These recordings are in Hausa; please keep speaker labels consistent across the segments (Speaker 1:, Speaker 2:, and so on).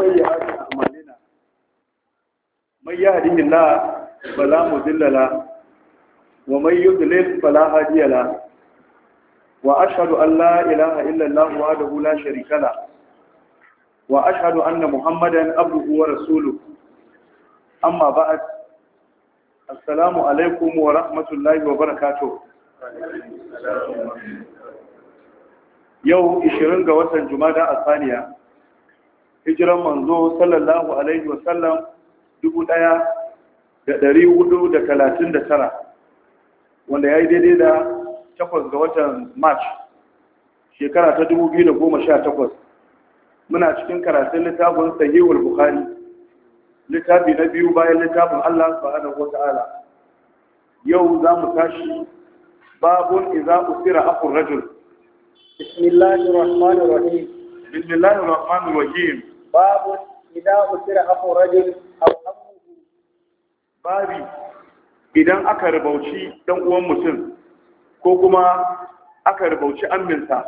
Speaker 1: bayyana haka a malina mai yi hadihin na bala mu dillala wa mai yi zulif bala hadiyala wa ashadu an la ilaha illallah wa da hula sharikala wa ashadu an na muhammadan abubu wa amma ba a assalamu alaikum wa rahmatullahi wa barakatu yau 20 ga watan jumada a saniya hijiran manzo sallallahu alaihi wasallam 1439 wanda ya yi daidai da 8 ga watan march shekara ta 2018 muna cikin karatun littafin sahihul bukhari littafi na biyu bayan littafin allah subhanahu wata'ala yau za mu tashi babun iza usira akun rajul bismillahir rahmanir rahim bismillahir rahmanir rahim babu ina usira aku rajul aw amuhu babi idan aka rubauci dan uwan mutum ko kuma aka rubauci aminsa.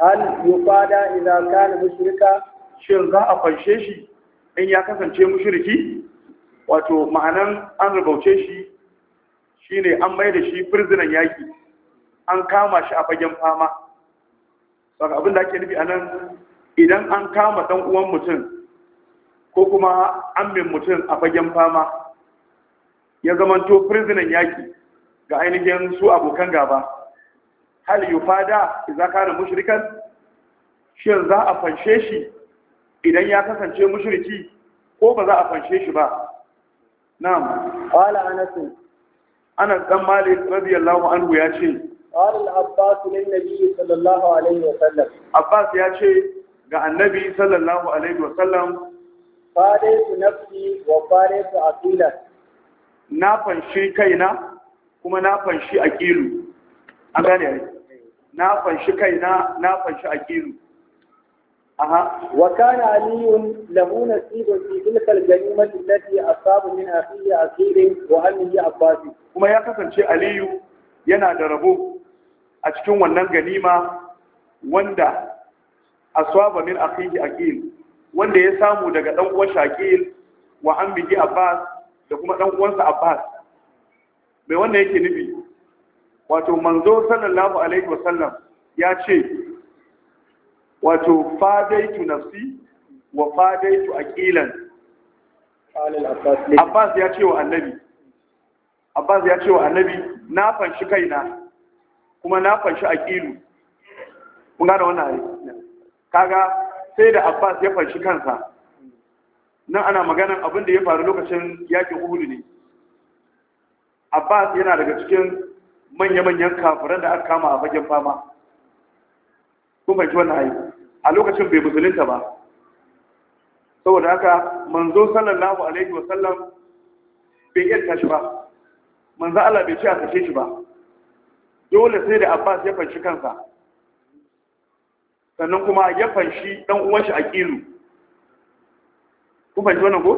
Speaker 1: hal yufada idan kana mushrika shin za a fanshe shi in ya kasance mushriki wato ma'anan an rubauce shi shine an mai da shi firzinan yaki an kama shi a fagen fama saka abin da ake nufi anan idan an kama ɗan uwan mutum ko kuma ammin mutum a fagen fama ya zamanto prisoner yaki ga ainihin su abokan gaba hal za ka na mushrikan shin za a fanshe shi idan ya kasance mushriki ko ba za a fanshe shi ba na'am qala anas ana dan mali radiyallahu anhu ya ce qala al-abbas lin nabiy sallallahu alaihi wa sallam abbas ya ce ga annabi sallallahu alaihi wa sallam fare su nafsi wa fare su aqila na fanshi kaina kuma na fanshi aqilu an gane ai na fanshi kaina na fanshi aqilu aha wa kana aliyun lahu nasibun
Speaker 2: fi tilka al-ganimah allati asaba min akhihi aqil wa ammihi abbas
Speaker 1: kuma ya kasance aliyu yana da rabo a cikin wannan ganima wanda aswaba min akhihi aqil wanda ya samu daga dan uwan shaqil wa ammihi abbas da kuma dan uwansa abbas mai wanda yake nufi wato manzo sallallahu alaihi wasallam ya ce wato fadaitu nafsi wa fadaitu aqilan abbas ya ce wa annabi abbas ya ce wa annabi na fanshi kaina kuma na fanshi aqilu kun gane wannan kaga sai da abbas ya fashi kansa nan ana maganan abin da ya faru lokacin yakin uhud ne abbas yana daga cikin manya-manyan kafiran da aka kama a fagen fama kun ki wannan ayi a lokacin bai musulunta ba saboda haka manzo sallallahu alaihi wa sallam bai yanta shi ba manzo Allah bai ci a kashe shi ba dole sai da Abbas ya fashi kansa sannan kuma ya fanshi ɗan uwan shi ƙilu Kuma fanshi wannan ko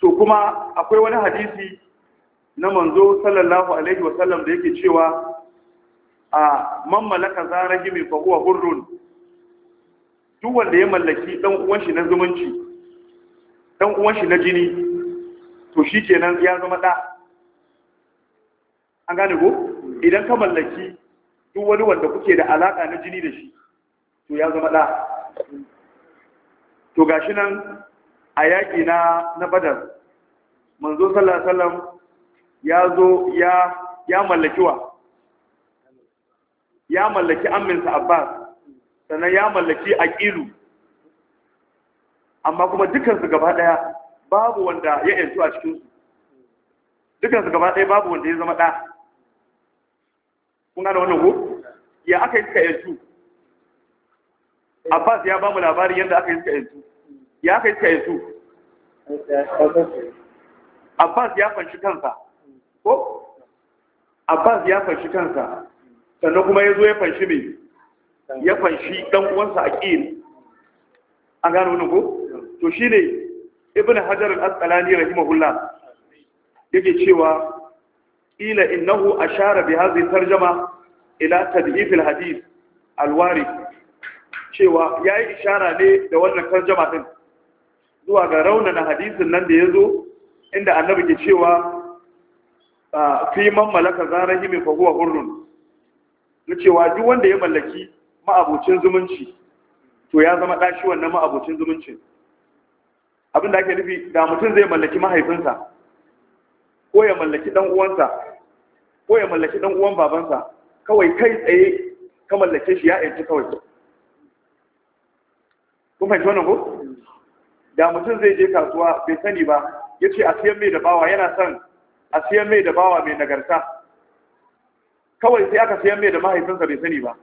Speaker 1: to kuma akwai wani hadisi na manzo sallallahu alaihi wa sallam da yake cewa a man malaka zarahi mai fahuwa hurrun duk wanda ya mallaki ɗan uwan shi na zumunci ɗan uwan shi na jini to shi nan ya zama ɗa. an gane ko idan ka mallaki duk wani wanda kuke da alaƙa na jini da shi to ya zama ɗa to gashi nan a yaƙi na na badar manzo sallallahu alaihi wasallam ya zo ya ya mallaki wa ya mallaki amminsa abbas sannan ya mallaki aqilu amma kuma dukansu gaba ɗaya babu wanda ya yantu a cikinsu dukansu gaba ɗaya babu wanda ya zama ɗa kun gane wannan ko ya aka yi suka yantu Abbas ya ba mu labarin yadda aka yi suka yanzu ya aka iska yanzu Abbas ya fanshi kansa ko Abbas ya fanshi kansa sannan kuma ya zo ya fanshi mai ya fanshi dan uwansa a ƙin an gano wani ko to shi ne ibn hajar al-asqalani rahimahullah yake cewa ila innahu ashara bi hadhihi tarjama ila tadhif al-hadith al-warith cewa ya yi ishara ne da wannan tarjama ɗin zuwa ga raunana hadisin nan da ya zo inda annabi ke cewa fi man malaka yi mai fahuwa hurrun na cewa duk wanda ya mallaki ma'abocin zumunci to ya zama ɗashi wannan ma'abocin zumuncin abin da ake nufi da mutum zai mallaki mahaifinsa ko ya mallaki ɗan uwansa ko ya mallaki ɗan uwan babansa kawai kai tsaye ka mallake shi ya yanci kawai kuma fahimci wani da mutum zai je kasuwa bai sani ba ya ce a siyan mai dabawa yana son a siyan mai dabawa mai nagarta kawai sai aka siyan mai da mahaifinsa bai sani ba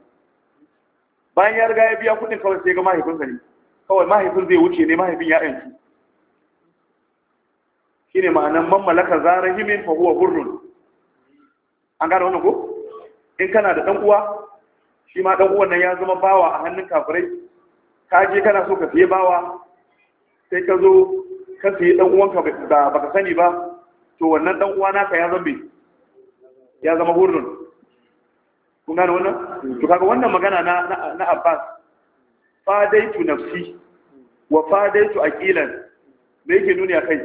Speaker 1: bayan ya riga ya biya kudin kawai sai ga mahaifinsa ne kawai mahaifin zai wuce ne mahaifin ya yanci shi ne ma'anan mammalaka zarar himin fahuwa hurrun an gane wannan ko in kana da ɗan uwa shi ma ɗan uwan nan ya zama bawa a hannun kafirai ka je kana so ka fiye bawa sai ka zo ka siye dan uwanka da baka sani ba to wannan dan uwa naka ya zambe ya zama hurdun kun gane wannan to kaga wannan magana na na Abbas fadaitu nafsi wa fadaitu aqilan me yake nuni kai,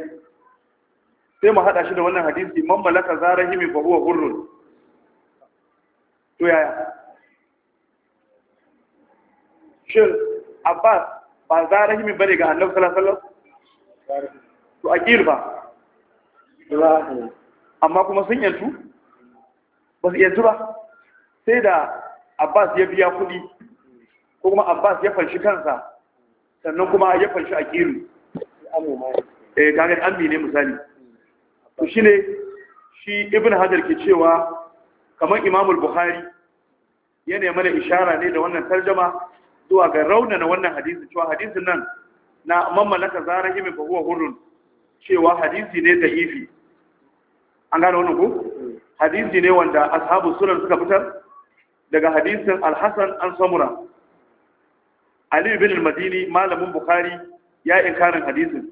Speaker 1: sai mu hada shi da wannan hadisi man malaka zarahimi fa huwa hurrun to yaya shin abbas ba za rahimin bane ga annabi sallallahu alaihi wasallam to aqil ba amma kuma sun yantu ba su yantu ba sai da abbas ya biya kuɗi ko kuma abbas ya fanshi kansa sannan kuma ya fanshi aqilu eh kaga bi ne misali to shine shi ibn hajar ke cewa kamar imamul bukhari yana mana ishara ne da wannan tarjama zuwa ga raunana wannan hadisi cewa hadisin nan na mamalaka zarar himin ba huwa hurun cewa hadisi ne da ifi an gane wani ku? hadisi ne wanda ashabu sunan suka fitar daga hadisin Alhassan, an samura ali bin madini malamin bukhari ya inkarin hadisin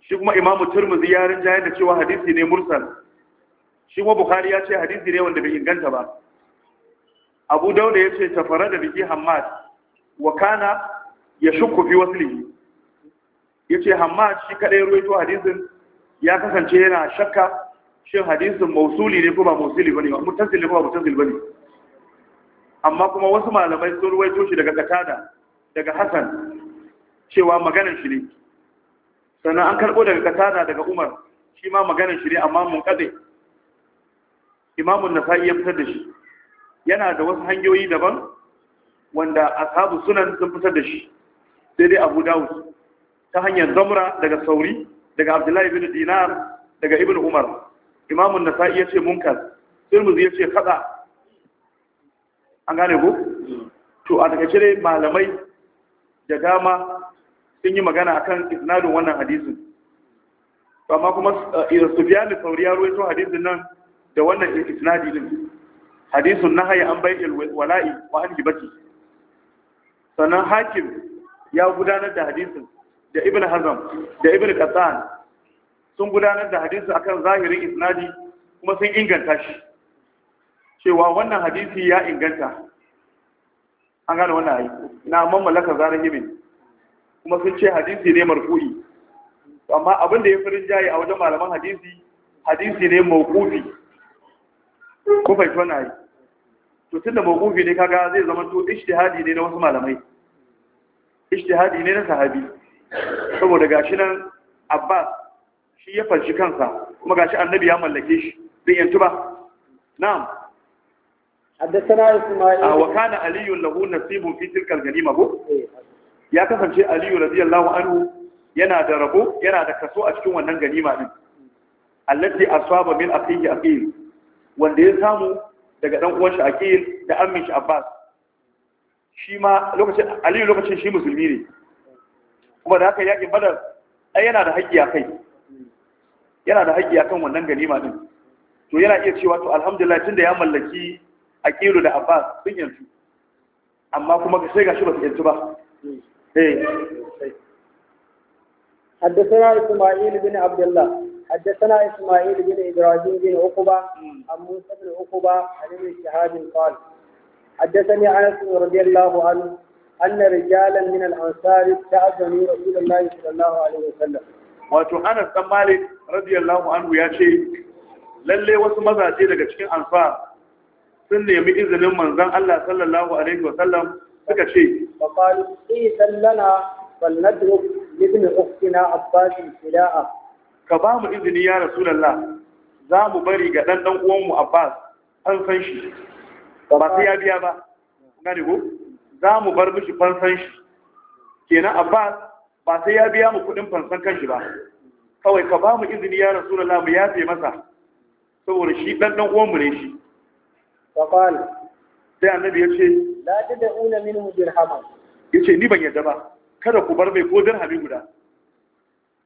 Speaker 1: shi kuma imamu turmuzi ya rinjaye da cewa hadisi ne mursal shi kuma bukhari ya ce hadisi ne wanda bai inganta ba abu dauda ya ce tafara da biki hamad wa kana ya shukku fi waslihi yace amma shi kadai ruwaito hadisin ya kasance yana shakka shin hadisin mausuli ne ko ba mausuli bane ba muttasil ne ko ba muttasil bane amma kuma wasu malamai sun ruwaito shi daga katada daga Hassan cewa maganar shi ne sannan an karbo daga katada daga Umar shi ma maganar shi ne amma mun kade Imam nasai ya fitar da shi yana da wasu hanyoyi daban wanda ashabu sunan sun fitar da shi sai dai abu dawud ta hanyar zamra daga sauri daga abdullahi bin dinar daga ibn umar imamun nasa'i ya ce munkar tirmidhi ya ce kada an gane ko to a daga cire malamai da dama sun yi magana akan isnadin wannan hadisin to amma kuma eh, Sufyan Sauri ya ruwaito hadisin nan da wannan isnadi din hadisun nahaya an bai'il wala'i wa an gibati sannan hakim ya gudanar da hadisin da ibn hazam da ibn qatan sun gudanar da hadisun akan zahirin isnadi kuma sun inganta shi cewa wannan hadisi ya inganta an gane wannan ayi na mammalaka zarahimin kuma sun ce hadisi ne marfu'i amma abin da ya fi rinjaye a wajen malaman hadisi hadisi ne mawkufi ko fahimta wannan ayi to tunda mawqufi ne kaga zai zama to ijtihadi ne na wasu malamai ijtihadi ne na sahabi saboda gashi nan Abbas shi ya fanshi kansa kuma gashi annabi ya mallake shi zai yantu ba na'am حدثنا اسماعيل وكان علي له نصيب في تلك الغنيمه هو ya kasance aliyu radiyallahu anhu yana da rabo yana da kaso a cikin wannan ganima din allati asaba min akhihi aqil wanda ya samu daga dan uwan shi Aqil da ammin shi Abbas shi ma lokacin Aliyu lokacin shi musulmi ne kuma da haka yakin Badar ai yana da haƙƙi a kai yana da haƙƙi kan wannan ganima din to yana iya cewa to alhamdulillah tunda ya mallaki Aqilu da Abbas sun yanzu amma kuma sai gashi ba su yanzu ba eh
Speaker 2: حدثنا isma'il bin abdullah حدثنا إسماعيل بن إبراهيم بن عقبة عن موسى بن عقبة عن ابن شهاب قال حدثني أنس رضي الله عنه أن رجالا من الأنصار استأذنوا رسول الله صلى الله عليه وسلم
Speaker 1: wato Anas dan Malik radiyallahu anhu ya ce lalle wasu mazaje daga cikin ansar sun nemi izinin manzon Allah sallallahu alaihi wa sallam suka ce fa
Speaker 2: qalu idan fal nadruk ibn ukhtina
Speaker 1: abbas fidaa ka ba mu izini ya rasulallah za mu bari ga dan dan uwan mu Abbas an san shi ba sai ya biya ba gane ko za mu bar mishi fansan shi kenan Abbas ba sai ya biya mu kudin fansan kanshi ba kawai ka ba mu izini ya rasulallah mu yafe masa saboda shi dan dan uwan mu ne shi faqal sai annabi ya ce la tad'una minhu dirhaman yace ni ban yadda ba kada ku bar mai ko dirhami guda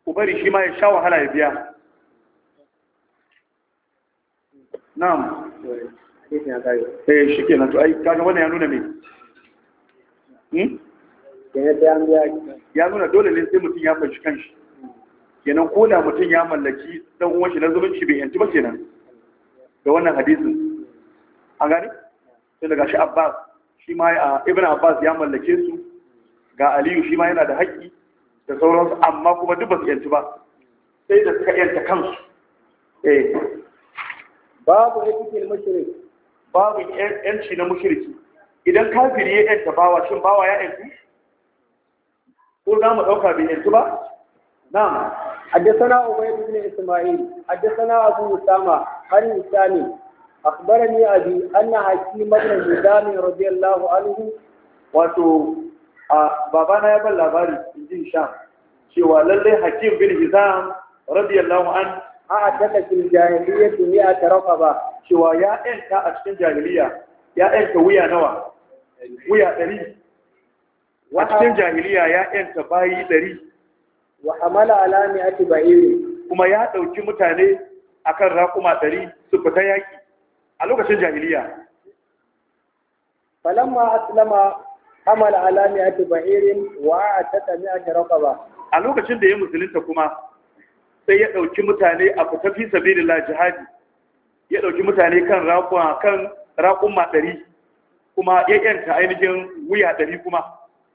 Speaker 1: Ubari shi ma ya sha wahala ya biya na'am eh shi ke to ai kaga wannan ya nuna me hmm? ya nuna dole ne sai mutum ya fashi kanshi kenan ko da mutum ya mallaki dan uwan shi na zumunci bai yanci ba kenan da wannan hadisin an gani sai daga shi abbas shi ma ibn abbas ya mallake su ga aliyu shi ma yana da haƙƙi da sauransu amma kuma duk ba su yanci ba sai da suka yanta kansu eh babu hukumin mushrik babu yanci na mushriki idan kafiri ya yanta bawa shin bawa ya yanci ko za mu dauka bai yanci ba
Speaker 2: na'am حدثنا عبيد بن اسماعيل حدثنا ابو اسامه عن هشام اخبرني ابي ان حكيم بن هشام رضي الله عنه
Speaker 1: wato a babana ya ban labari in jin sha cewa lallai hakim bin hizam radiyallahu
Speaker 2: an a jahiliya
Speaker 1: fil ne a tarafa ba cewa ya yanka a cikin jahiliya ya yanka wuya nawa wuya ɗari a cikin jahiliya ya yanka bayi ɗari wa hamala ala mi'ati ba'iri kuma ya ɗauki mutane akan raƙuma ɗari su fita yaƙi a lokacin jahiliya falamma aslama amal ala mi'ati ba'irin wa atata mi'ati raqaba a lokacin da ya musulunta kuma sai ya dauki mutane a fita fi sabilillah jihadi ya dauki mutane kan raƙuma kan raƙuma 100 kuma ya yanta ainihin wuya 100 kuma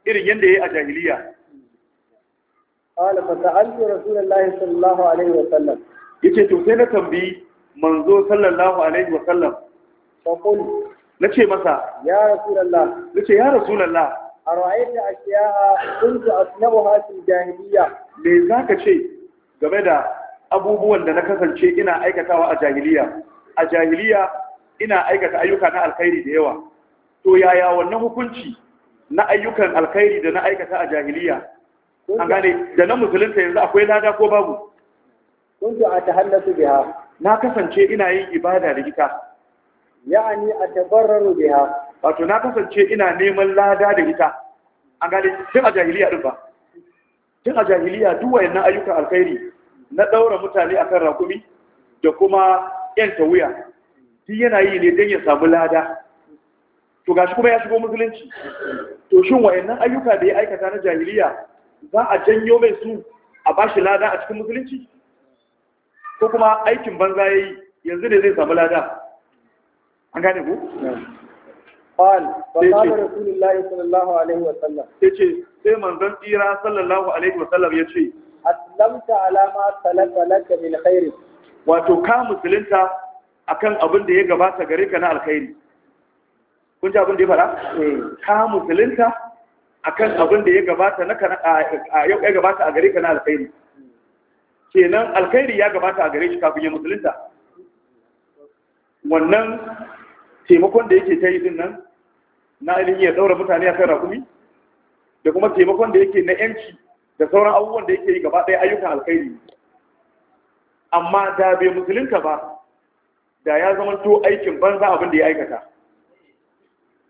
Speaker 1: irin yanda yayi a jahiliya
Speaker 2: qala fa sa'altu
Speaker 1: rasulullahi sallallahu alaihi wa sallam yace to sai na tambayi manzo sallallahu alaihi wa sallam fa qul na ce masa ya rasulallah na ce ya rasulallah
Speaker 2: a ra'ayin a kuntu
Speaker 1: sinabu fil jahiliya me ka ce game da abubuwan da na kasance ina aikatawa a jahiliya a jahiliya ina aikata ayyuka na alkhairi da yawa to yaya wannan hukunci na ayyukan alkhairi da na aikata a jahiliya an gane da na musulunta yanzu akwai lada ko babu kuntu a tahallasu biya. na kasance ina yin ibada da ita ya'ani da biha wato na kasance ina neman lada da ita an gane tun a jahiliya din ba tun a jahiliya duk wayannan ayyukan alkhairi na daura mutane akan rakumi da kuma yan tawuya shi yana yi ne don ya samu lada to gashi kuma ya shigo musulunci to shin wayannan ayyuka da ya aikata na jahiliya za a janyo mai su a bashi lada a cikin musulunci ko kuma aikin banza ya yi yanzu ne zai samu lada an gane ku qal fa qala
Speaker 2: rasulullahi sallallahu alaihi wa sallam
Speaker 1: yace sai manzon tsira sallallahu alaihi wa sallam yace aslamta ala ma salaka laka min khair wato ka musulunta akan abin da ya gabata gare ka na alkhairi kun ji abin da ya fara eh. ka musulunta akan abin da ya gabata na ya gabata a gare ka na alkhairi kenan alkhairi ya gabata a gare shi kafin ya musulunta wannan taimakon da yake ta yi din nan na ilimi ya daura mutane a kan rakumi da kuma taimakon da yake na yanci da sauran abubuwan da yake yi gaba ɗaya ayyukan alkhairi amma da bai musulunta ba da ya zama to aikin banza abin da ya aikata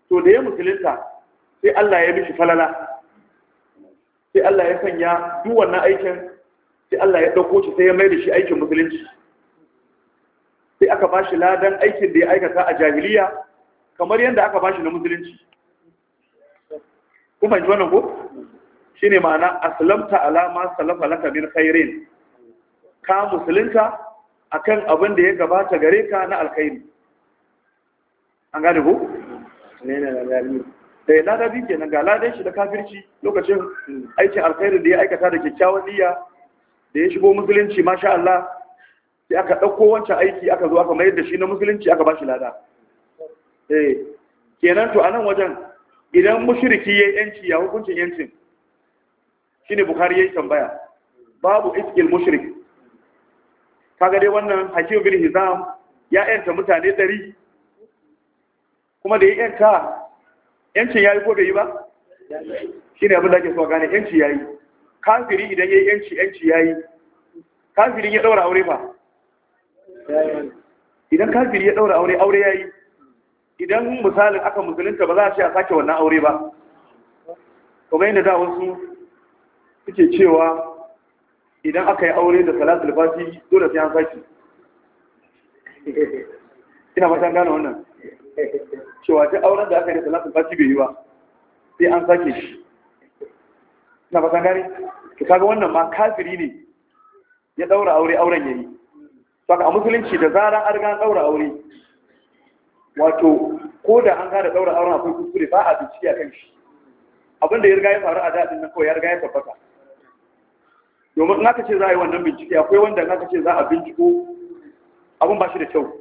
Speaker 1: to da ya musulunta sai Allah ya mishi falala sai Allah ya sanya duk aikin sai Allah ya ɗauko shi sai ya mai da shi aikin musulunci sai aka ba shi ladan aikin da ya aikata a jahiliya kamar yadda aka ba shi na musulunci kuma ji wannan ko shine ma'ana aslamta alama salafa laka min khairin ka musulunta akan abin da ya gabata gare ka na alkhairi an gane ko ne na lada da ke kenan ga ladan shi da kafirci lokacin hmm. aikin alkhairin da ya aikata da kyakkyawan niyya da ya shigo musulunci masha Allah sai aka ɗauko wancan aiki aka zo aka mayar da shi na musulunci aka ba shi lada eh kenan to a nan wajen idan mushriki ya yi yanci ya hukuncin yancin ne bukhari yi tambaya babu iskil mushrik kaga dai wannan hakim bin hizam ya yanta mutane ɗari kuma da ya yanta yancin yi ko bai yi ba shine abin da ake so gane yanci yi. kafiri idan ya yi yanci yanci yi, kafirin ya ɗaura aure fa idan kafiri ya daura aure aure yayi idan misalin aka musulunta ba za a ce a sake wannan aure ba kuma yadda da wasu suke cewa idan aka yi aure da salatul fati dole sai an sake ina matan gane wannan cewa ta auren da aka yi da salatul fati bai yi ba sai an sake shi ina matan gani to kaga wannan ma kafiri ne ya daura aure auren yayi saka a musulunci da zarar an riga daura aure wato ko da an da daura auren akwai kuskure ba a bincike a kan shi abin da ya riga ya faru a daɗin nan kawai ya riga ya tabbata domin in aka ce za a yi wannan bincike akwai wanda in aka ce za a binciko abin ba shi da kyau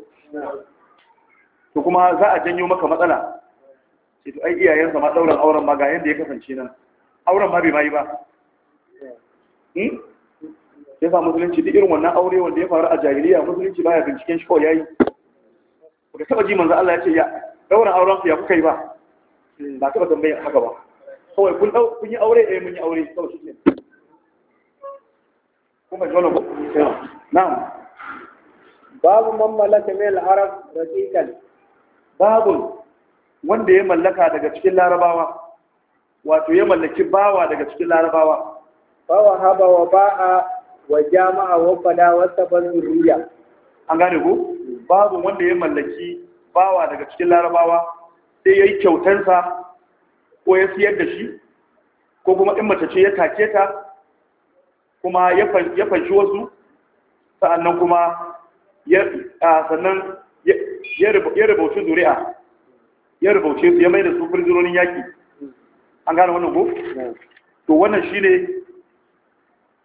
Speaker 1: to kuma za a janyo maka matsala sai to ai iyayen ma dauran auren ma ga yanda ya kasance nan auren ma bai ma yi ba hmm? ya sa musulunci da irin wannan aure wanda ya faru a jahiliya musulunci baya binciken shi ko yayi ko taba ji manzo Allah ya ce ya daura auren ya kuka yi ba ba taba tambayar haka ba kawai kun dau kun yi aure eh mun yi aure kawai shi ne kuma jona ko na'am babu man malaka min al-arab raqiqan babu wanda ya mallaka daga cikin larabawa wato ya mallaki bawa daga cikin larabawa
Speaker 2: bawa haba wa ba'a wa jama'a wa fada wa saban
Speaker 1: an gane ko babu wanda ya mallaki bawa daga cikin larabawa sai yayi kyautansa ko ya siyar da shi ko kuma in mace ce ya take ta kuma ya fanshi wasu sa'annan kuma ya sannan ya rubuce zuri'a ya rubuce su ya mai da su firzironin yaki an gane wannan ko to wannan shine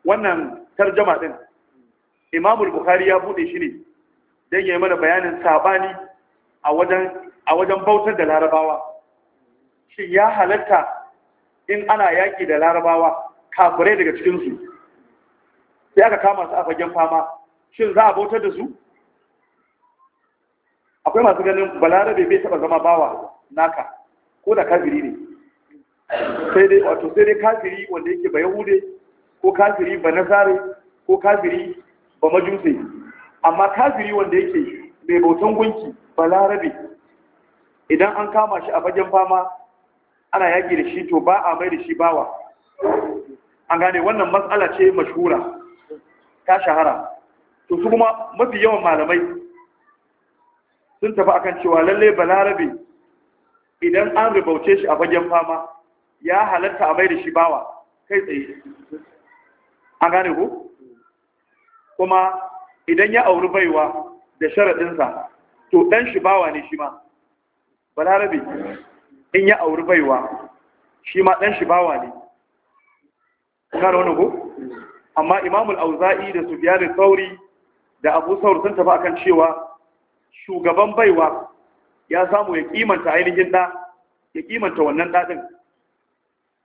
Speaker 1: wannan tarjama din Imam bukhari ya bude shi ne don ya yi mana bayanin sabani a wajen bautar da larabawa shi ya halatta in ana yaki da larabawa kafirai daga cikin su? sai aka kama su a fagen fama shin za a bautar da su akwai masu ganin balarabe bai taɓa zama bawa naka ko da kafiri ne sai dai wato sai dai kafiri wanda yake ba yahude ko kafiri ba nasare ko kafiri ba majuse amma kafiri wanda yake mai bautan gunki ba larabe idan an kama shi a fagen fama ana yaƙi da shi to ba a mai da shi bawa an gane wannan matsala ce mashura ta shahara to su kuma mafi yawan malamai sun tafi akan cewa lalle la'rabe, idan an rubauce shi a fagen fama ya halatta a mai da shi bawa kai tsaye an gane ku kuma idan ya auri baiwa da sharaɗinsa to ɗan shi bawa ne shi ma balarabe in ya auri baiwa shi ma ɗan shi bawa ne gane wani ku amma imamul auza'i da sufiyar sauri da abu saur sun tafi akan cewa shugaban baiwa ya samu ya kimanta ainihin ɗa ya kimanta wannan ɗaɗin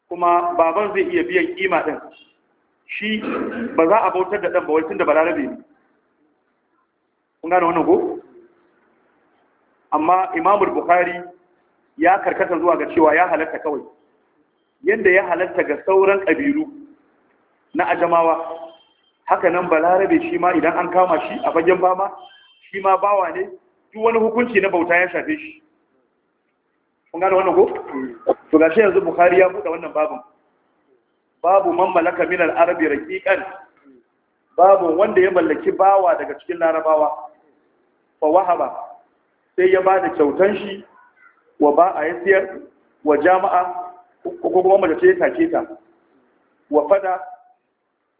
Speaker 1: kuma baban zai iya biyan kima ɗin shi ba za a bautar da ɗan ba wacin da balarabe ne kun gane wani go? amma imamul bukhari ya karkata zuwa ga cewa ya halatta kawai yadda ya halatta ga sauran ƙabiru na ajamawa haka nan balarabe shi ma idan an kama shi a fagen fama shi ma bawa ne duk wani hukunci na bauta ya shafe shi kun gane wani go? to gashi yanzu bukhari ya buɗe wannan babin babu man malaka min arabi raqiqan babu wanda ya mallaki bawa daga cikin larabawa fa wahaba sai ya bada kyautan shi wa ba a yasiyar wa jama'a ko kuma mace ce take ta wa fada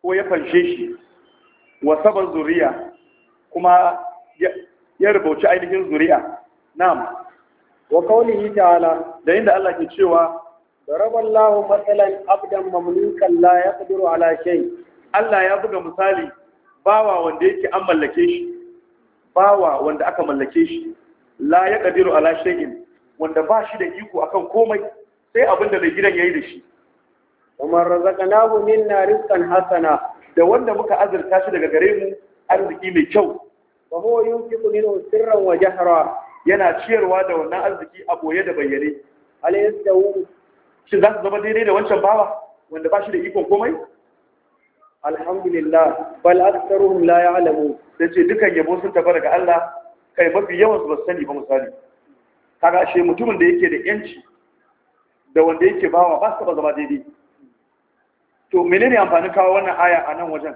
Speaker 1: ko ya fanshe shi wa saban zuriya kuma ya rubuci ainihin zuriya na'am wa qawlihi ta'ala da inda Allah ke cewa
Speaker 2: ضرب الله مثلا عبدا مملوكا لا يقدر على شيء
Speaker 1: Allah ya buga misali bawa wanda yake an mallake shi bawa wanda aka mallake shi la ya kadiru ala shay'in wanda ba shi da iko akan komai sai abin da mai gidan yayi da shi kamar razaqnahu minna rizqan hasana da wanda muka azurta shi daga gare mu arziki mai kyau wa huwa yunfiqu minhu sirran wa jahra yana ciyarwa da wannan arziki a boye da bayyane alayhi shi za su zama daidai da wancan bawa wanda ba shi da ikon komai alhamdulillah bal aktsaruhum la ya'lamu ce dukan yabo sun tafi daga Allah kai mafi yawan su ba sani ba misali kaga ashe mutumin da yake da yanci da wanda yake bawa ba su taba zama daidai to menene amfanin kawo wannan aya a nan wajen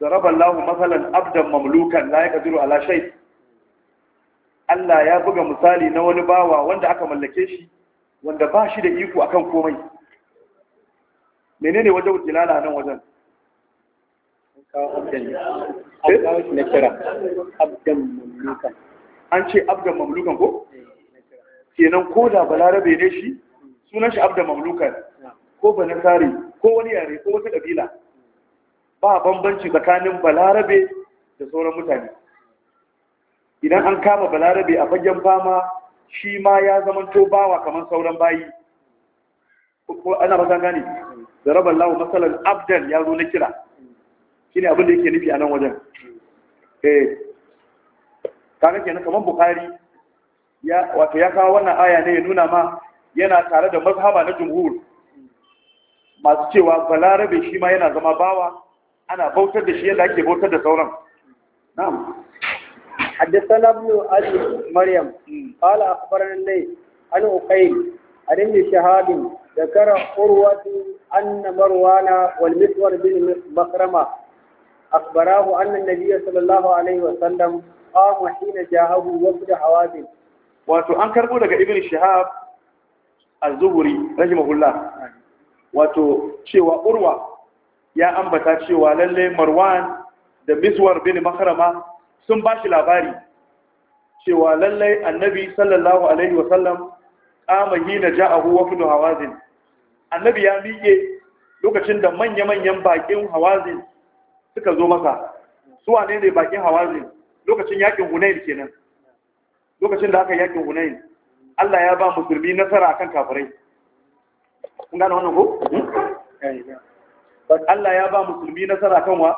Speaker 1: daraba Allah masalan abdan mamlukan la yaqdiru ala shay Allah ya buga misali na wani bawa wanda aka mallake shi wanda ba shi da iko akan komai menene wajen jilala nan wajen an ce abdan mamlukan ko eh, kenan ko da balarabe ne shi sunan shi abdan mamlukan ko banasari ko wani yare ko wata kabila ba bambanci tsakanin balarabe da sauran mutane idan an kama balarabe a fagen fama shi ma ya zamanto bawa kamar sauran bayi ko ana ba zan gane da rabar lawo matsalar abdan ya zo na kira shi abin da yake nufi a nan wajen eh kaga kenan kamar bukari ya wato ya kawo wannan aya ne ya nuna ma yana tare da mazhaba na jumhur masu cewa balarabe shi ma yana zama bawa ana bautar da shi yadda ake bautar da sauran
Speaker 2: na'am حدثنا ابن ابي مريم قال اخبرنا لي عن عقيل عن ابن شهاب ذكر قروة ان مروان والمسور بن مخرمه أخبراه ان النبي صلى الله عليه وسلم قام حين
Speaker 1: جاءه وفد حوادث wato an karbo daga ibn shahab az-zuhri rahimahullah wato cewa urwa ya ambata cewa lalle marwan da miswar bin makrama sun ba shi labari cewa lallai annabi sallallahu alaihi wasallam kama hina ja'ahu wafdu hawazin annabi ya miƙe lokacin da manya-manyan bakin hawazin suka zo masa su wane ne bakin hawazin lokacin yakin hunain kenan lokacin da aka yakin hunain Allah ya ba musulmi nasara akan kafirai hmm? Allah ya ba musulmi nasara akan wa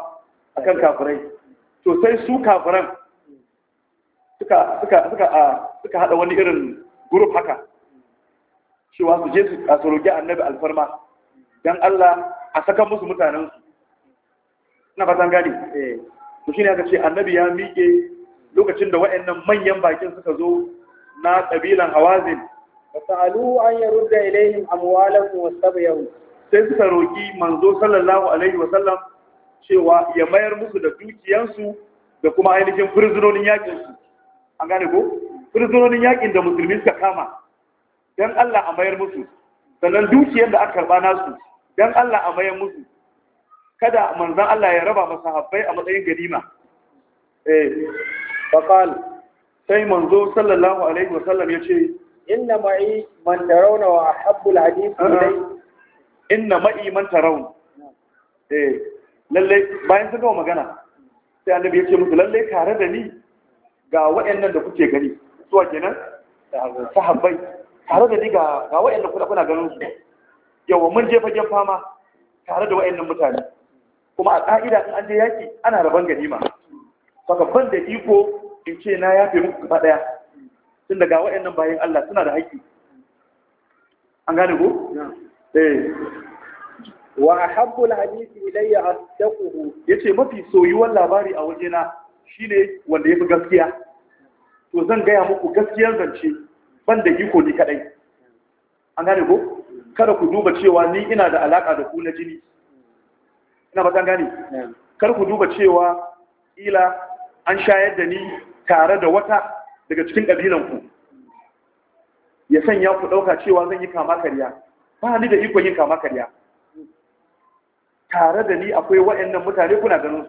Speaker 1: akan kafirai Sosai su kafiran suka suka suka hada wani irin guruf haka shi su je su roƙi annabi alfarma don Allah a saka musu mutanen su ina fatan gani eh shi ne aka ce annabi ya miƙe lokacin da wa'annan manyan bakin suka zo na ƙabilan hawazin fasalu an yarudda ilaihim amwalahum wasabyahum sai suka roƙi manzo sallallahu alaihi wasallam cewa ya mayar musu da dukiyansu da kuma ainihin firzinonin yaƙinsu an gane ko firzinonin yaƙin da musulmi suka kama don Allah a mayar musu sannan dukiyar da aka karɓa nasu don Allah a mayar musu kada manzan Allah ya raba masa habbai a matsayin ganima eh faqal sai manzo sallallahu alaihi wasallam ya ce inna ma'i man raunawa wa habbul hadith ilay inna ma'i man tarawna eh lalle bayan sun gama magana sai annabi ya ce musu lalle tare da ni ga waɗannan da kuke gani suwa kenan sahabbai tare da ni ga ga waɗannan kuna kuna ganin su yawa mun je fagen fama tare da waɗannan mutane kuma a ƙa'ida in an je yaƙi ana rabon ganima saka ban da iko in ce na yafe muku gaba da tun daga waɗannan bayan Allah suna da haƙƙi an gane ko eh wa ahabbu hadisi ilayya asdaquhu yace mafi soyuwan labari a wajena shine wanda yafi gaskiya to zan gaya muku gaskiyar zance ban da iko ni kadai an gane ko kada ku duba cewa ni ina da alaka da ku na jini ina ba gane kar ku duba cewa ila an shayar da ni tare da wata daga cikin kabilan ku ya sanya ku dauka cewa zan yi kama karya ba ni da iko yin kama karya tare da ni akwai waɗannan mutane kuna ganin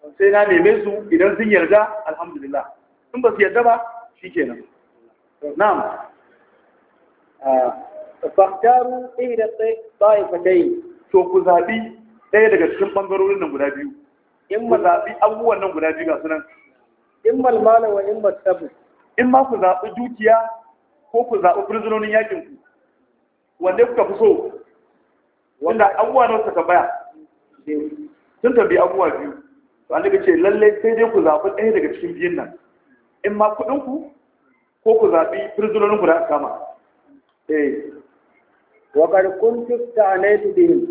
Speaker 1: su sai na neme su idan sun yarda alhamdulillah sun ba su yarda ba shi shikenan na'am tsaye ihda ta'ifatain to ku zaɓi ɗaya daga cikin ɓangarorin nan guda biyu in ma zaɓi abubuwan nan guda biyu ga sunan in malmala wa in matabu in ma ku zaɓi dukiya ko ku zaɓi prisonin yakin ku wanda kuka fi so wanda abubuwa nan suka baya sun tambayi abubuwa biyu to annabi ce lalle sai dai ku zaɓi ɗaya daga cikin biyun nan in ma kuɗin ku ko ku zaɓi firzunonin ku da aka kama eh
Speaker 2: wa qad kuntu ta'anaytu bihim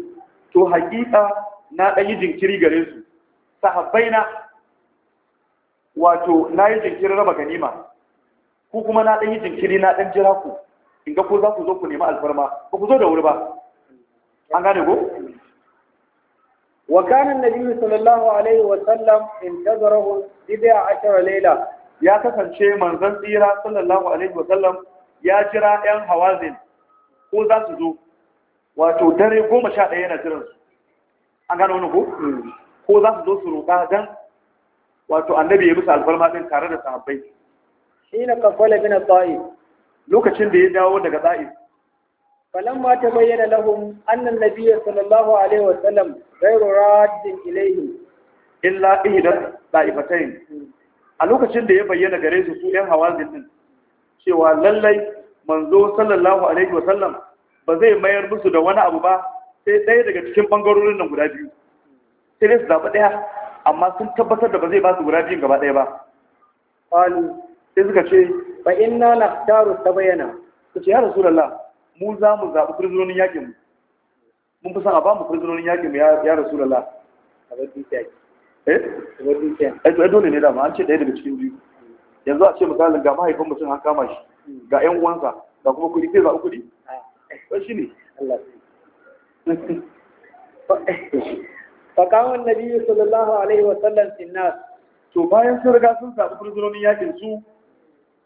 Speaker 1: to haƙiƙa na ɗan yi jinkiri gare su sahabbaina wato na yi jinkirin raba ganima ku kuma na ɗan yi jinkiri na ɗan jira ku in ga ko za ku zo ku nemi alfarma ba ku zo da wuri ba an gane ko wa kana
Speaker 2: annabi sallallahu alaihi wa sallam intazarahu a ashara layla
Speaker 1: ya kasance manzon tsira sallallahu alaihi wa sallam ya jira ɗan hawazin ko za su zo wato dare goma sha ɗaya yana jiran su an gano wani ko ko za su zo su roƙa dan wato annabi ya bisa alfarma ɗin tare da sahabbai shi na kafala bin tsa'i lokacin da ya dawo daga tsa'i
Speaker 2: فلما تبين لهم أن النبي صلى الله عليه وسلم غير راد
Speaker 1: إليهم إلا إهدى طائفتين a lokacin da ya bayyana gare su su منذ صلى الله cewa lallai manzo sallallahu alaihi دوانا ba zai mayar musu da wani abu ba sai ɗaya daga cikin ɓangarorin nan guda biyu sai dai su zaɓi ɗaya amma sun tabbatar da ba zai ba su guda biyun gaba ba
Speaker 2: sai
Speaker 1: ce ba inna na ta bayyana su ce ya rasu mu za mu zaɓi fursunonin yakin mu mun fi son a ba mu fursunonin yakin mu ya rasulullah a bar eh dole ne da ma an ce ɗaya daga cikin biyu yanzu a ce misalin ga mahaifin mutum an kama shi ga 'yan uwansa ga kuma kuɗi sai zaɓi kuɗi to ah. shi ne fakawun nabi sallallahu alaihi wa sallam sinnas to bayan sun riga sun zaɓi fursunonin yakin su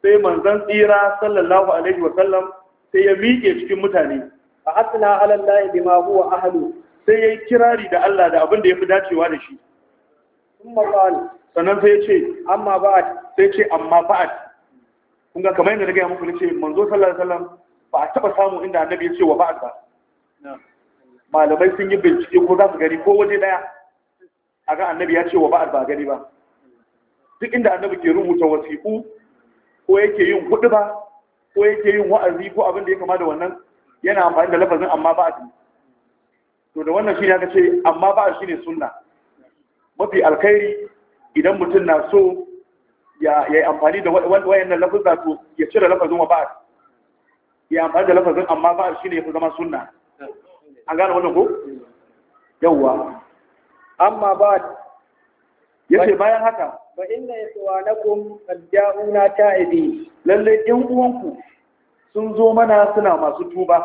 Speaker 1: sai manzan tsira sallallahu alaihi wa sallam sai ya miƙe cikin mutane a asna ala Allah bima huwa ahlu sai ya yi kirari da Allah da abin da ya fi dacewa da shi kuma sannan sai ya ce amma ba'ad sai ce amma ba'ad kun ga kamar yadda daga kuma ce manzo sallallahu alaihi wasallam ba a taba samu inda annabi ya ce wa ba'ad ba malamai sun yi bincike ko za su gani ko waje daya a ga annabi ya ce wa ba'ad ba gani ba duk inda annabi ke rubuta wasiƙu ko yake yin kuɗi ba ko yake yin wa'azi ko abin da ya kama da wannan yana amfani da lafazin amma ba a to da wannan shine aka ce amma ba a ne sunna mafi alkhairi idan mutum na so ya yi amfani da wayannan lafazin to ya cire lafazin ba a ya amfani da lafazin amma ba a ne ya fi zama sunna an gane wannan ko yawwa amma ba ce bayan haka
Speaker 2: fa inna ikhwanakum qad ja'una
Speaker 1: ta'ibi lalle 'yan uwanku sun zo mana suna masu tuba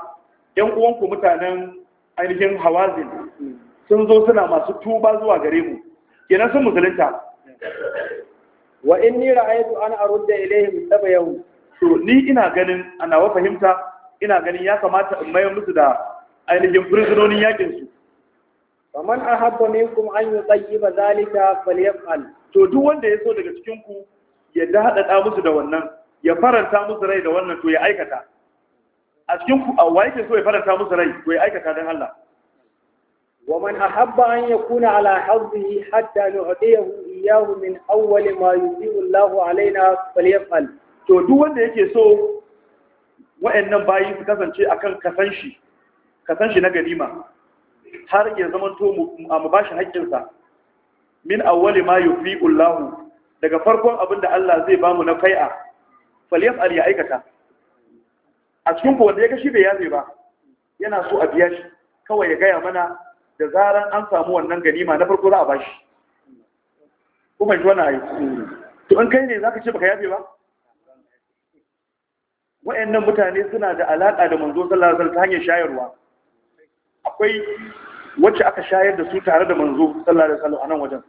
Speaker 1: ɗan uwanku mutanen ainihin hawazin sun zo suna masu tuba zuwa gare mu kenan sun musulunta wa inni ra'aytu an arudda ilayhim sabayaw to ni ina ganin ana wa fahimta ina ganin ya kamata in mayar musu da ainihin prisonin yakin su
Speaker 2: faman ne kuma an yutayyiba zalika falyaf'al to duk wanda ya so daga cikinku
Speaker 1: ya dadada musu da wannan ya faranta musu rai da wannan to ya aikata a cikinku a ke so ya faranta musu rai to ya aikata don Allah wa man ahabba an yakuna ala
Speaker 2: hazzihi hatta nu'tiyahu iyyahu min awwal ma yuzi'u Allahu alaina
Speaker 1: falyaf'al to duk wanda yake so wa'annan bayi su kasance akan kasan shi na ganima har ya zamanto mu ba shi haƙƙinsa min awwali ma yufi'u Allah daga farkon abinda Allah zai ba mu na fai'a falyaf'al ya aikata a cikin ku wanda ya kashi bai yafe ba yana so a biya shi kawai ya gaya mana da zaran an samu wannan ganima na farko za a bashi kuma shi wani ayi to in kai ne zaka ce baka yafe ba wa'annan mutane suna da alaka da manzo sallallahu alaihi wasallam ta hanyar shayarwa akwai wacce aka shayar da su tare da manzo sallallahu alaihi wasallam a nan wajen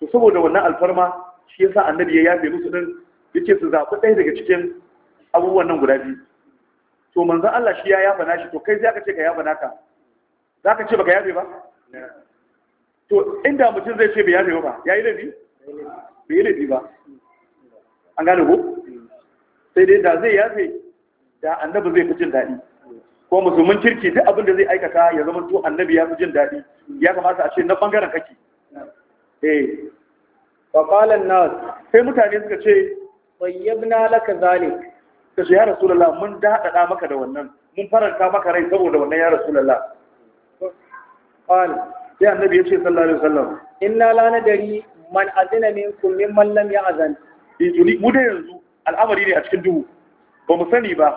Speaker 1: to saboda wannan alfarma shi yasa annabi ya yafe musu din yace su zaɓi ɗaya daga cikin abubuwan nan guda biyu to manzo Allah shi ya yafa nashi to kai zaka ce ka yafa naka zaka ce baka yafe ba to inda mutum zai ce bai yafe ba yayi laifi bai laifi ba an gane ko sai dai da zai yafe da annabi zai fi jin daɗi ko musulmin kirki duk abin da zai aikata ya zama to annabi ya fi jin daɗi ya kamata a ce na bangaren kake eh fa qala nas sai mutane suka ce tayyibna laka zalik ce ya rasulullah mun dadada maka da wannan mun faranta maka rai saboda wannan ya rasulullah qala ya annabi ya ce sallallahu alaihi wasallam inna la dari, man azina minkum mimman lam ya'zan eh, mu da yanzu al'amari ne a cikin duhu ba mu sani ba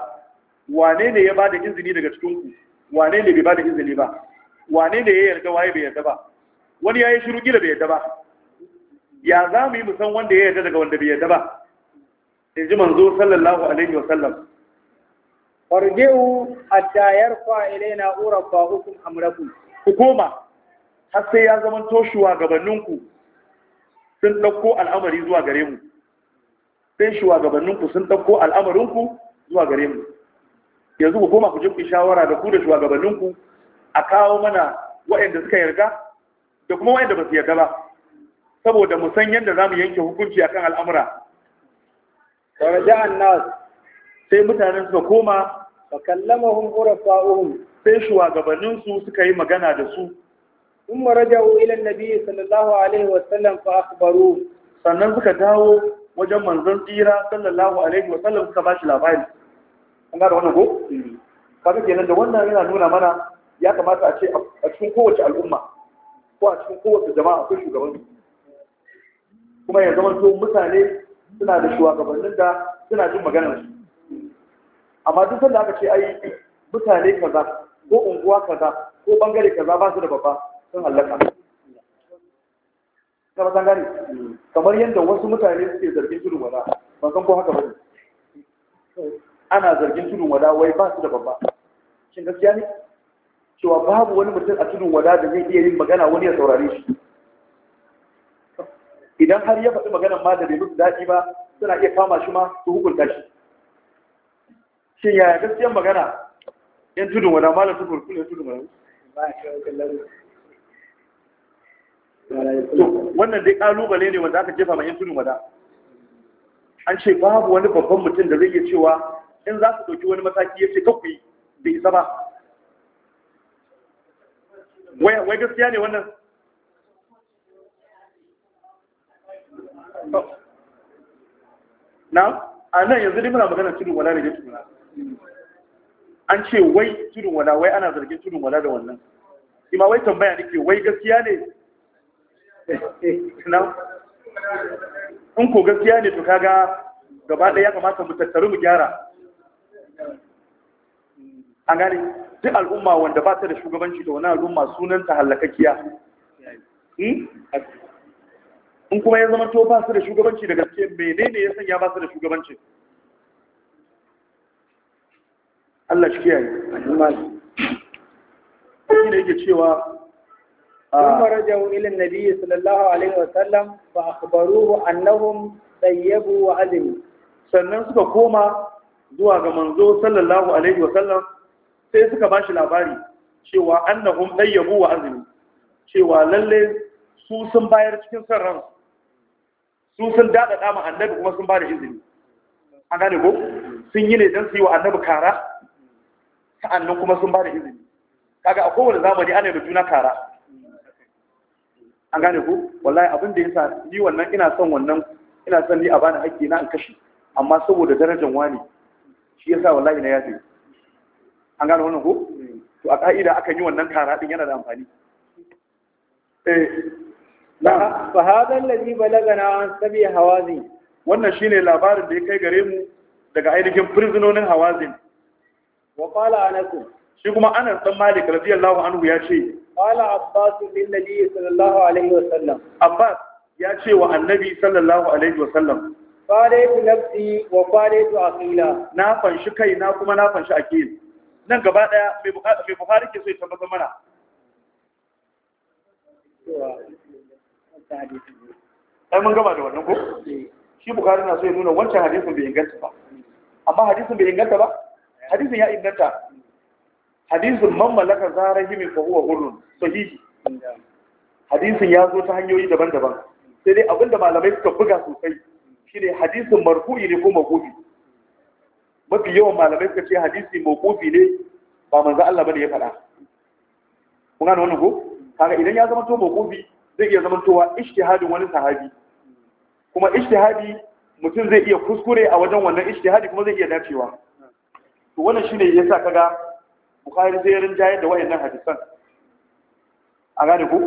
Speaker 1: wane ne ya bada izini daga cikinku? wane ne bai bada izini ba wane ne ya yarda waye bai yarda ba wani ya yi shiru gida bai yarda ba ya za mu yi musan wanda ya yarda daga wanda bai yarda ba in ji manzo sallallahu alaihi wa sallam
Speaker 2: tayar
Speaker 1: hatta yarfa ilaina urabbahukum amrakum ku koma har sai ya zama toshuwa gabaninku sun ɗauko al'amari zuwa gare mu sai shuwagabanninku sun ɗauko al'amarinku zuwa gare mu yanzu ku koma ku ji shawara da ku da shugabanninku a kawo mana waɗanda suka yarda da kuma waɗanda ba su yarda ba saboda mu san yadda za mu yanke hukunci akan al'amura faraja'an nas sai mutanen suka koma kallama kallamahum urafa'uhum sai shugabannin suka yi magana da su in maraja'u ila nabi sallallahu alaihi wa sallam fa akhbaru sannan suka dawo wajen manzon tsira sallallahu alaihi wa sallam suka bashi labari ga da wannan ko kaga kenan da wannan yana nuna mana ya kamata a ce a cikin kowace al'umma ko a cikin kowace jama'a akwai shugaban kuma ya zama to mutane suna da shugabannin da suna jin maganar su amma duk sanda aka ce ai mutane kaza ko unguwa kaza ko bangare kaza ba su da babba sun halaka. ta ba gane kamar yadda wasu mutane suke zargin tudun wala ban san ko haka ba ne ana zargin tudun wada wai ba su da babba shin gaskiya ne cewa babu wani mutum a tudun wada da zai iya yin magana wani ya saurare shi idan har ya faɗi maganar ma da bai musu daɗi ba suna iya kama shi ma su hukunta shi shin yaya gaskiyar magana yan tudun wada malam tukur kula tudun wada wannan dai kalubale ne wanda aka jefa ma yan tudun wada an ce babu wani babban mutum da zai iya cewa in za su ɗauki wani mataki ya ce kakwai bai isa ba wai gaskiya ne wannan na a nan yanzu ne muna magana tudun wala da gaskiya an ce wai tudun wala wai ana zargin tudun wala da wannan ima wai tambaya nake wai gaskiya ne na in ko gaskiya ne to kaga gaba ɗaya kamata mu tattaru mu gyara an gane duk al'umma wanda ba ta da shugabanci da wani al'umma sunan ta hallakakkiya hmm? in kuma ya zama to ba su da shugabanci da gaske menene ya sanya ba su da shugabanci Allah shi kiyaye shi ne yake cewa ah, ilin
Speaker 2: رجعوا sallallahu alaihi wa sallam fa akhbaruhu annahum tayyibu wa وعزموا
Speaker 1: sannan suka koma zuwa ga manzo sallallahu alaihi sallam. sai suka ba shi labari cewa annahum dayyabu wa azumi. cewa lalle su sun bayar cikin san ran su sun daɗa ɗama annabi kuma sun ba da izini A gane ko sun yi ne don su yi wa annabi kara sa'annan kuma sun ba da izini kaga a kowane zamani ana da juna kara an gane ko wallahi abin da yasa ni wannan ina son wannan ina son ni a bani hakki na in kashi amma saboda darajar wani shi yasa wallahi na yafe. an gano wannan ko mm. to a ka'ida aka yi wannan kara din yana da amfani eh fa hada allazi balagana an sabi hawazi wannan shine labarin da ya kai gare mu daga ainihin prisonerin hawazin wa qala anakum shi kuma anas san malik radiyallahu anhu ya ce
Speaker 2: qala abbas lin nabi sallallahu
Speaker 1: alaihi wa sallam. abbas ya ce wa annabi sallallahu alaihi wa wasallam
Speaker 2: faraitu nafsi wa faraitu aqila na fanshi kai na kuma na fanshi aqil
Speaker 1: nan gaba daya mai buhari ke so ya tabbatar mana ai mun gaba da wannan ko shi buhari na so ya nuna wancan hadisin bai inganta ba amma hadisin bai inganta ba hadisin ya inganta hadisin man zarar zarahimin fa huwa hurrun sahihi hadisin ya zo ta hanyoyi daban-daban sai dai abinda malamai suka buga sosai shine hadisin marfu'i ne ko maqubi mafi yawan malamai suka ce hadisi mawqufi ne ba manzan Allah ne ya faɗa Kuna da wannan ko kaga idan ya zama to zai iya zama towa ijtihadin wani sahabi kuma ijtihadi mutum zai iya kuskure a wajen wannan ijtihadi kuma zai iya dacewa to wannan shine sa kaga Bukhari zai jayar da wayannan hadisan a gane ko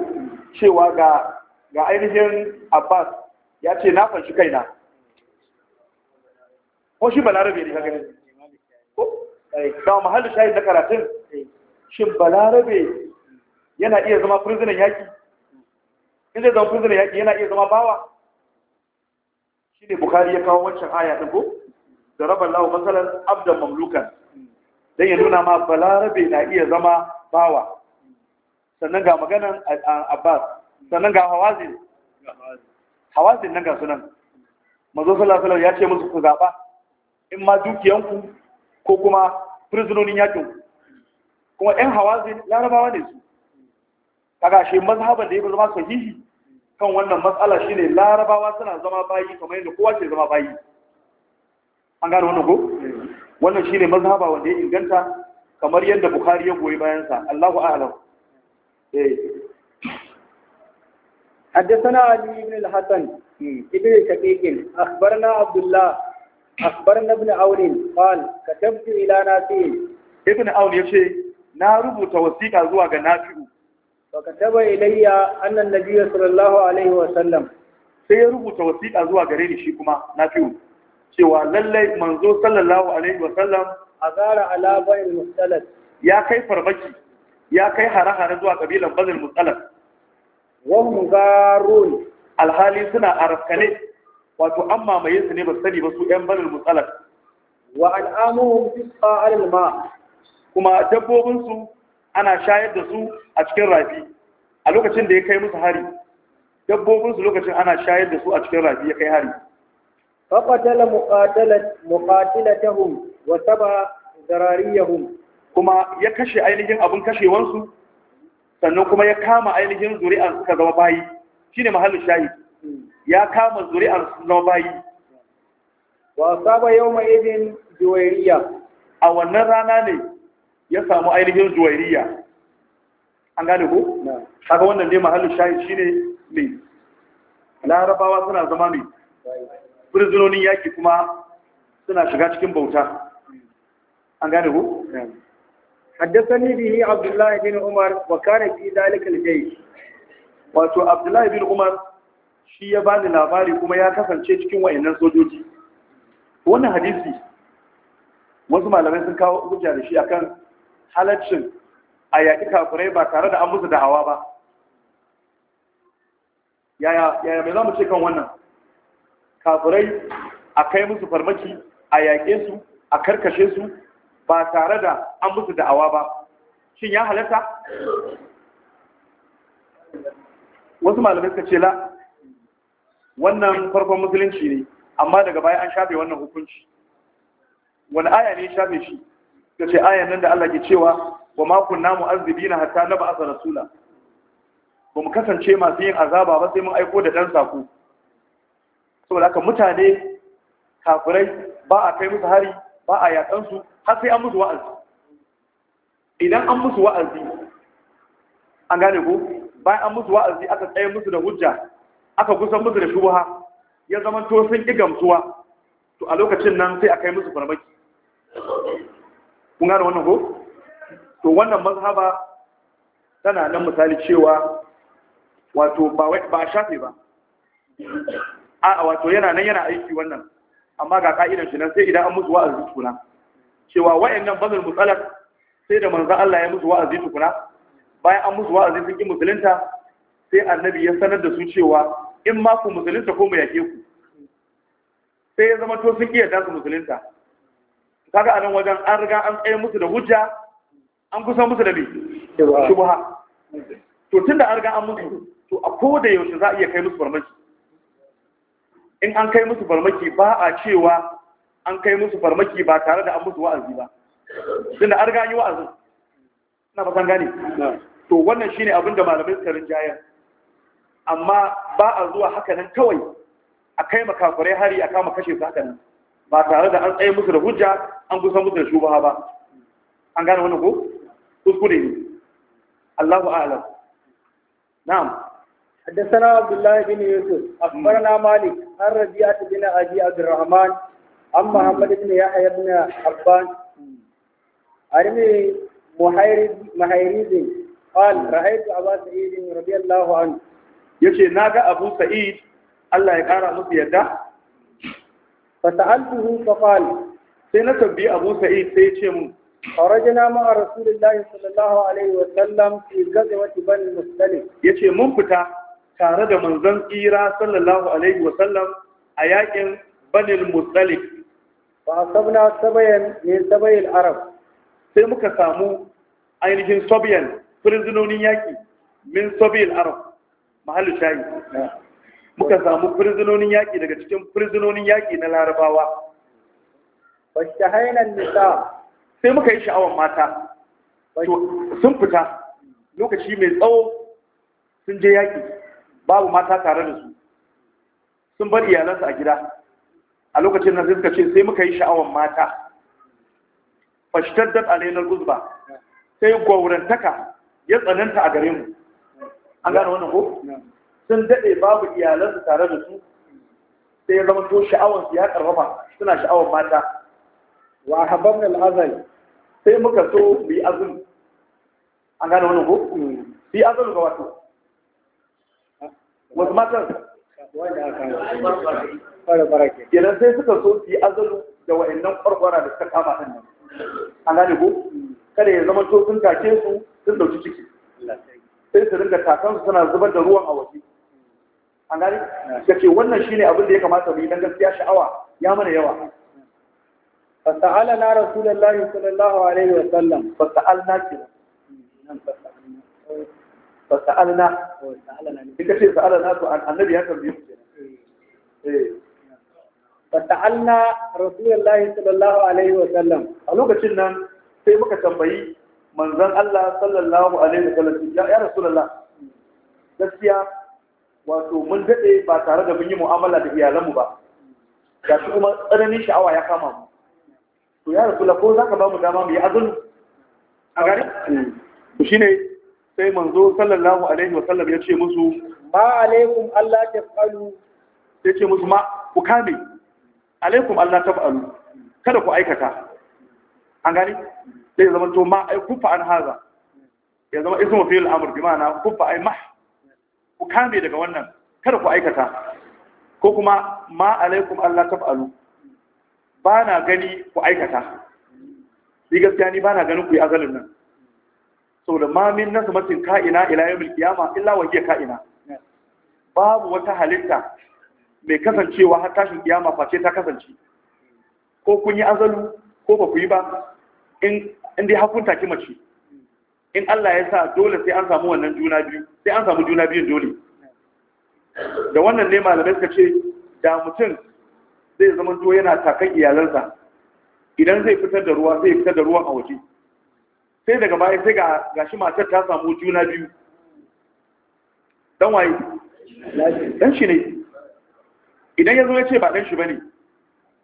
Speaker 1: cewa ga ainihin Abbas ya ce na fanshi kaina ko shi balarabe ne ka ne ko eh, ba mahallin shayin na karatun shin balarabe yana iya zama prisoner yaki in zai zama prisoner yaki yana iya zama bawa shi ne bukari ya kawo wancan aya din ko da rabar masalan matsalar abdan mamlukan dan ya nuna ma balarabe na iya zama bawa sannan ga maganan abbas sannan ga hawazin hawazin nan ga sunan mazo sallallahu ya ce musu ku zaɓa in ma dukiyanku ko kuma prisonin yakin kuma ɗan hawazin larabawa ne su kaga shi mazhaban da ya zama sahihi kan wannan matsala shine larabawa suna zama bayi kamar yadda kowa ce zama bayi an gano wannan go? wannan shi ne mazhaba wanda ya inganta kamar yadda bukari ya goyi bayansa Allahu a'lam eh.
Speaker 2: حدثنا علي بن الحسن ابن شقيق اخبرنا عبد الله أخبرنا ابن عون قال كتبت إلى نافع ابن عون يشي
Speaker 1: نارب توثيق زواج نافع
Speaker 2: فكتب إلي
Speaker 1: أن النبي صلى الله عليه وسلم sai ya rubuta wasiƙa zuwa gare ni shi kuma na fiye cewa lallai manzo sallallahu alaihi wasallam a zara alabayin mustalat ya kai farmaki ya kai hare-hare zuwa ƙabilan bazil mustalat wahun alhali suna wato an mamaye su ne ba sani ba su yan banar mutsalar wa al'amuhum tisqa alal ma kuma dabbobin su ana shayar da su a cikin rafi a lokacin da ya kai musu hari dabbobin su lokacin ana shayar da su a cikin rafi ya kai hari faqatala
Speaker 2: muqatalat muqatilatahum wa saba zarariyahum kuma
Speaker 1: ya kashe ainihin abin kashewansu sannan kuma ya kama ainihin zuri'an suka zama bayi shine mahallin shahid hmm. ya kama zuri'ar suna bayi wa saba yau mai izin juwairiya a wannan rana ne ya samu ainihin juwairiya an gane na kaga wannan ne mahallin shayi shi ne mai larabawa suna zama mai prisonin yaki kuma suna shiga cikin bauta an gane ku? حدثني به abdullahi bin umar wa kare fi ذلك jai wato Abdullahi bin Umar? shi ya bani labari kuma ya kasance cikin wayannan sojoji wannan hadisi wasu malamai sun kawo hujja da shi akan halaccin a yaƙi kafirai ba tare da an musu da'awa ba yaya yaya mai mu ce kan wannan kafirai a kai musu farmaki a yaƙe su a karkashe su ba tare da an musu da'awa ba shin ya halatta wasu malamai suka ce la wannan farkon musulunci ne amma daga baya an shafe wannan hukunci wani aya ne shafe shi ta ce ayan nan da Allah ke cewa wa ma kunna mu'azzibina hatta nab'a rasula ba mu kasance masu yin azaba ba sai mun aiko da dan sako saboda haka mutane kafirai ba a kai musu hari ba a yatsan su har sai an musu wa'azi idan an musu wa'azi an gane ko bayan an musu wa'azi aka tsaye musu da hujja aka kusan musu da shubuha ya zama to sun ƙi gamsuwa to a lokacin nan sai a kai musu farmaki kun gane wannan ko to wannan mazhaba tana nan misali cewa wato ba a shafe ba a wato yana nan yana aiki wannan amma ga ka'idar shi nan sai idan an musu wa'azi tukuna cewa wayannan bazal musalat sai da manzo Allah ya musu wa'azi tukuna bayan an musu wa'azi sun ki musulunta sai annabi ya sanar da su cewa in ma ku musulunta ko mu yake ku sai ya zama to sun iya da su musulunta kaga anan wajen an riga an tsaye musu da hujja an kusan musu da bi shubha to tunda an riga an musu to a ko da yaushe za a iya kai musu farmaki in an kai musu farmaki ba a cewa an kai musu farmaki ba tare da an musu wa'azi ba tunda an riga an yi wa'azi ina ba san gane to wannan shine abin da malamai suka rinjayar amma ba a zuwa haka nan kawai a kai makafurai hari a kama kashe su haka nan ba tare da an tsaye musu da hujja an kusan musu da shubaha ba an gane wannan ko kuskure ne Allahu a'lam na'am
Speaker 2: حدثنا عبد الله بن يوسف اخبرنا مالك عن ربيعه بن ابي عبد الرحمن عن محمد بن يحيى بن حبان عن محيريز قال سعيد رضي الله عنه
Speaker 1: Ya ce na ga Abu Sa'id Allah ya kara musu yadda
Speaker 2: fa sa'altuhu fa
Speaker 1: sai na tambayi Abu Sa'id sai ya ce mun خرجنا مع رسول
Speaker 2: الله صلى الله عليه وسلم في ban بني Ya ce mun fita
Speaker 1: tare da manzan tsira sallallahu alaihi wasallam a yakin banin bani
Speaker 2: Ba a asabna sabayan ne sabayin arab sai muka samu
Speaker 1: ainihin sabiyan prisonin yaki min sabayin arab mahallu shayi muka samu prisonin yaƙi daga cikin prisonin yaƙi na larabawa ba shi hainan nisa sai muka yi sha'awar mata sun fita lokaci mai tsawo sun je yaƙi babu mata tare da su sun bar iyalansu a gida a lokacin nan sai suka ce sai muka yi sha'awar mata fashtaddat alainar uzba sai gwaurantaka ya tsananta a gare mu an gane wannan ko sun daɗe babu iyalansu tare da su sai ya zama to sha'awar su ya karfafa suna sha'awar mata wa hababna al'azai sai muka so mu yi azumi an gane wannan ko bi mm. yi ga wato wasu matan kenan sai suka so su yi azalu da wa'annan kwarkwara da suka kama ɗan nan an gane ko mm. kada ya zama to sun kake su sun ɗauki ciki sai su ringa su suna zubar da ruwan a waje an gani
Speaker 2: ka ce wannan shine abin da
Speaker 1: ya kamata mu yi dan gaskiya sha'awa ya mana yawa
Speaker 2: na, rasulullahi sallallahu alaihi wa sallam fasa'alna
Speaker 1: ke fasa'alna ita ce na to annabi ya tambaye mu eh fasa'alna rasulullahi sallallahu alaihi wa sallam a lokacin nan sai muka tambayi manzon Allah sallallahu alaihi wa sallam ya rasulullah gaskiya wato mun dade ba tare da mun yi mu'amala da iyalanmu ba ga shi kuma tsananin sha'awa ya kama mu to ya rasulullah ko zaka ba mu dama mu yi azumi a gari to shine sai manzo sallallahu alaihi wa sallam ya ce musu ma alaikum Allah tafalu ya ce musu ma ku kame alaikum Allah ta tafalu kada ku aikata an gani sai ya zama to ma ai kufa an haza ya zama ismu fi'il amr bi ma'ana kufa ai mah ku kame daga wannan kada ku aikata ko kuma ma alaikum Allah taf'alu ba na gani ku aikata ni gaskiya ni ba na ganin ku yi azalin nan da ma min nasmatin ka'ina ila yawmil qiyama illa wa hiya ka'ina babu wata halitta mai kasancewa har tashin kiyama face ta kasance ko kun yi azalu ko ba ku yi ba in in dai hakun ki mace in Allah ya sa dole sai an samu wannan juna biyu sai an samu juna biyun dole da wannan ne malamai suka ce da mutum zai zama to yana takan iyalansa idan zai fitar da ruwa zai fitar da ruwan a waje sai daga baya sai ga gashi matar ta samu juna biyu dan waye dan shi ne idan ya zo ya ce ba dan shi bane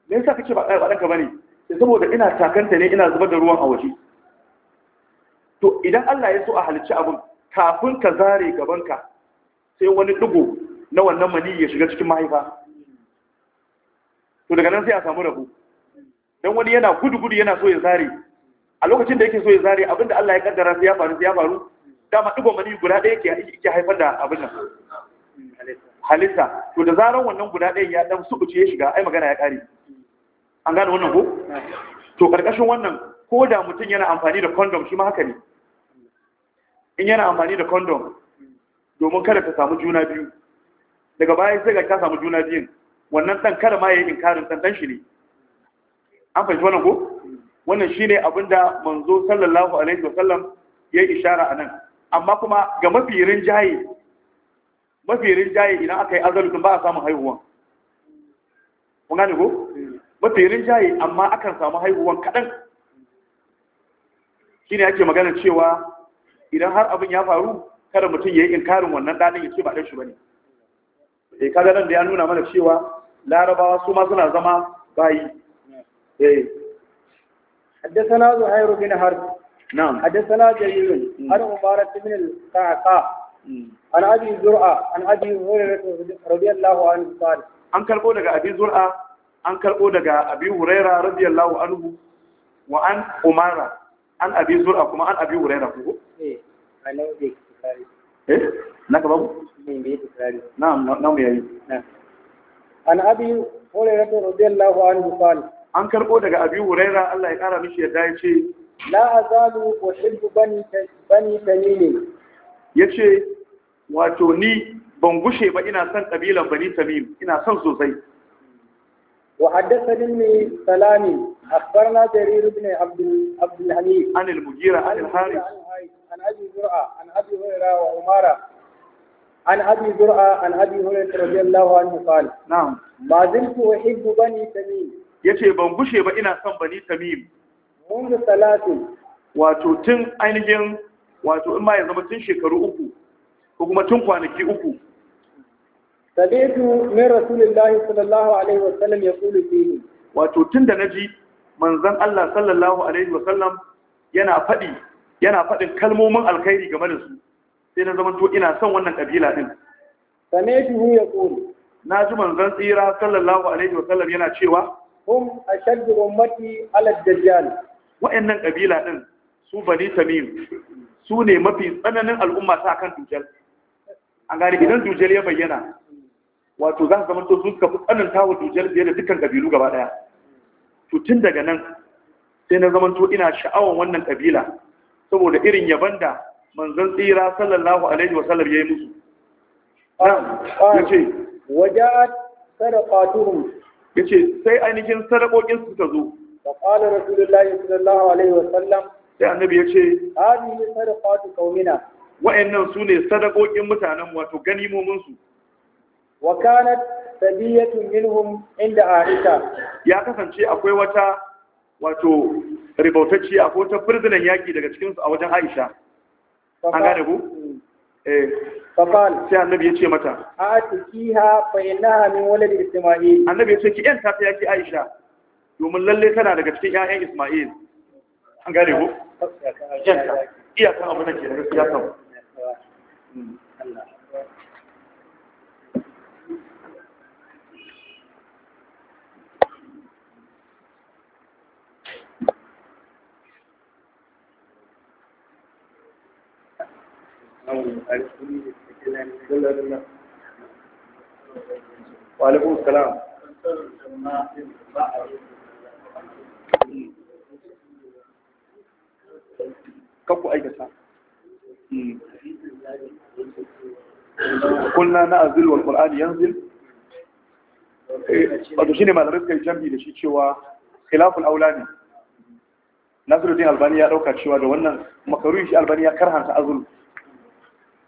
Speaker 1: me yasa kace ba ba dan ka bane saboda ina takanta ne ina zubar da ruwan a waje to idan Allah ya so a halicci abin kafin ka zare gabanka sai wani dugo na wannan mani ya shiga cikin mahaifa to daga nan sai a samu rabu Dan wani yana gudu-gudu yana so ya zare a lokacin da yake so ya zare abinda Allah ya kaddara sai ya faru sai ya faru dama dugo mani guda ɗaya ke haifar da abin nan halitta to da zarar wannan guda ɗayan ya dan subuce ya shiga ai magana ya ƙare an gane wannan ko to karkashin wannan ko da mutum yana amfani da condom shi ma haka ne in yana amfani da condom domin kada ta samu juna biyu daga baya sai ga ta samu juna biyun wannan dan kada ma yayi inkarin dan dan shi ne an fahimci wannan ko wannan shine abinda manzo sallallahu alaihi wasallam ya ishara anan amma kuma ga mafi rinjaye mafi rinjaye idan aka yi azalutun ba a samun haihuwan kun gane ko mafi rinjaye amma akan samu haihuwan kaɗan shine yake magana cewa idan har abin ya faru kada mutum ya yi inkarin wannan ɗanin ya ce ba ɗan shi ba ne eh kaga nan da ya nuna mana cewa larabawa su ma suna zama bayi eh حدثنا زهير بن حرب نعم حدثنا
Speaker 2: جرير عن عمارة بن القعقاع عن أبي زرعة عن أبي
Speaker 1: هريرة رضي الله عنه قال an karbo daga abi zur'a an karbo daga abi huraira radiyallahu anhu wa an umara an abi zur'a kuma an abi huraira ko Eh, eh na ka babu na'am na mu yayi
Speaker 2: an abi hurairah radiyallahu anhu qala
Speaker 1: an karbo daga abi hurairah Allah ya kara mishi yadda ya ce la azalu uhibbu bani bani tamim yace wato ni ban gushe ba ina son kabilan bani tamim ina son sosai Wa
Speaker 2: وحدثني ابن سلام اخبرنا جرير بن عبد عبد الحميد عن المجيرة عن الحارث عن أبي زرعة عن أبي هريرة وعمارة عن أبي زرعة عن أبي هريرة رضي الله عنه قال نعم ما زلت أحب بني تميم
Speaker 1: yace ban gushe ba ina son bani tamim
Speaker 2: mundu salatu
Speaker 1: wato tun ainihin wato in ma ya zama tun shekaru uku ko kuma tun kwanaki uku
Speaker 2: sabitu min rasulillahi sallallahu alaihi wa sallam yaqulu fihi
Speaker 1: wato tun da naji manzon Allah sallallahu alaihi wa sallam yana faɗi yana faɗin kalmomin alkhairi game da su sai na zama ina son wannan ƙabila ɗin. Sane shi din ya yaqulu na ji manzan tsira sallallahu alaihi wa sallam yana cewa hum
Speaker 2: ashaddu ummati ala dajjal
Speaker 1: wa'annan ƙabila ɗin, su bani tamim su ne mafi tsananin al'umma ta kan dujjal an gane idan dujjal ya bayyana wato za su zama to su suka fi tsananta wa dujjal fiye da dukkan ƙabilu gaba ɗaya. to tun daga nan sai na zama to ina sha'awan wannan ƙabila. saboda irin yaban da manzon tsira sallallahu alaihi wasallam ya yi musu yace
Speaker 2: waja'at sadaqatuhum yace sai ainihin sadakokin su suka zo fa qala rasulullahi sallallahu alaihi wasallam sai annabi yace
Speaker 1: hadhihi sadaqatu qaumina wa'annan su ne sadakokin mutanen wato ganimomin su wa kanat
Speaker 2: sabiyatun minhum
Speaker 1: inda aisha ya kasance akwai wata wato ribautacciya ko ta firzinan yaƙi daga cikinsu a wajen aisha an gane ku? Eh. Fafal. Sai annabi ya ce mata. A ha bayyana hannun wale da Isma'il. Annabi ya ce ki yan ta yaƙi Aisha. Domin lalle tana daga cikin 'ya'yan Isma'il. An gane ku? iyakan kan abu ke da gaskiya kawo. Allah.
Speaker 2: وعليكم السلام
Speaker 1: kafu aikata kulna na azil al qur'an yanzil wato shine malamai suka yi jambi da shi cewa khilaful aula ne nasiruddin albani ya dauka cewa da wannan makaruhi shi albani ya karhanta azul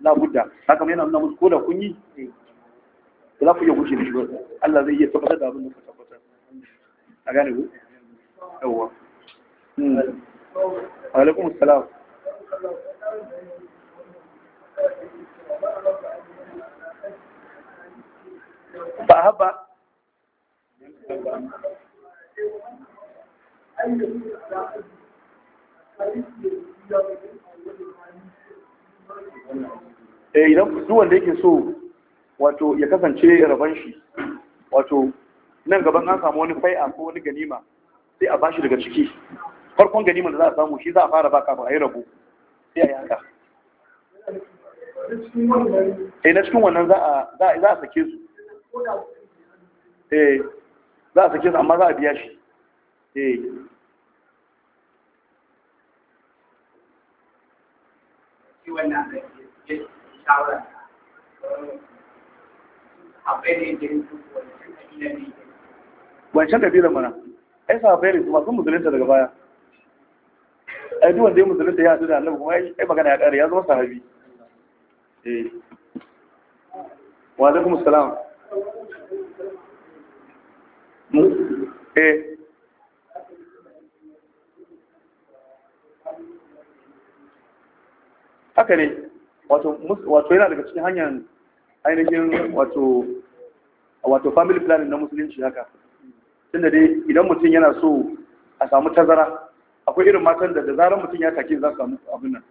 Speaker 1: la budda haka mai yana nuna musu ko da kun yi za ku iya gushe da shi ba Allah zai iya tabbatar da abin da ka tabbatar a gane ku yawwa hmm. alaikum ba haba
Speaker 2: Thank you.
Speaker 1: eh idan duk wanda yake so wato ya kasance rabon shi wato nan gaban an samu wani fai'a ko wani ganima sai a bashi daga ciki farkon ganima da za a samu shi za a fara ba kafin a yi rabo sai a yi haka eh na cikin wannan za a sake su eh za a sake su amma za a biya shi eh
Speaker 2: shi wannan da ya shawara abai ne da
Speaker 1: wancan kabila mana ai sa ne kuma sun musulunta daga baya ai duk wanda ya musulunta ya haɗu da annabi kuma ai magana ya ƙare ya zama sahabi eh wa alaikum salam eh haka ne wato yana daga cikin hanyar ainihin wato family planning na musulunci haka tunda dai idan mutum yana so a samu tazara akwai irin matan da da zarar mutum ya take za su samu abin nan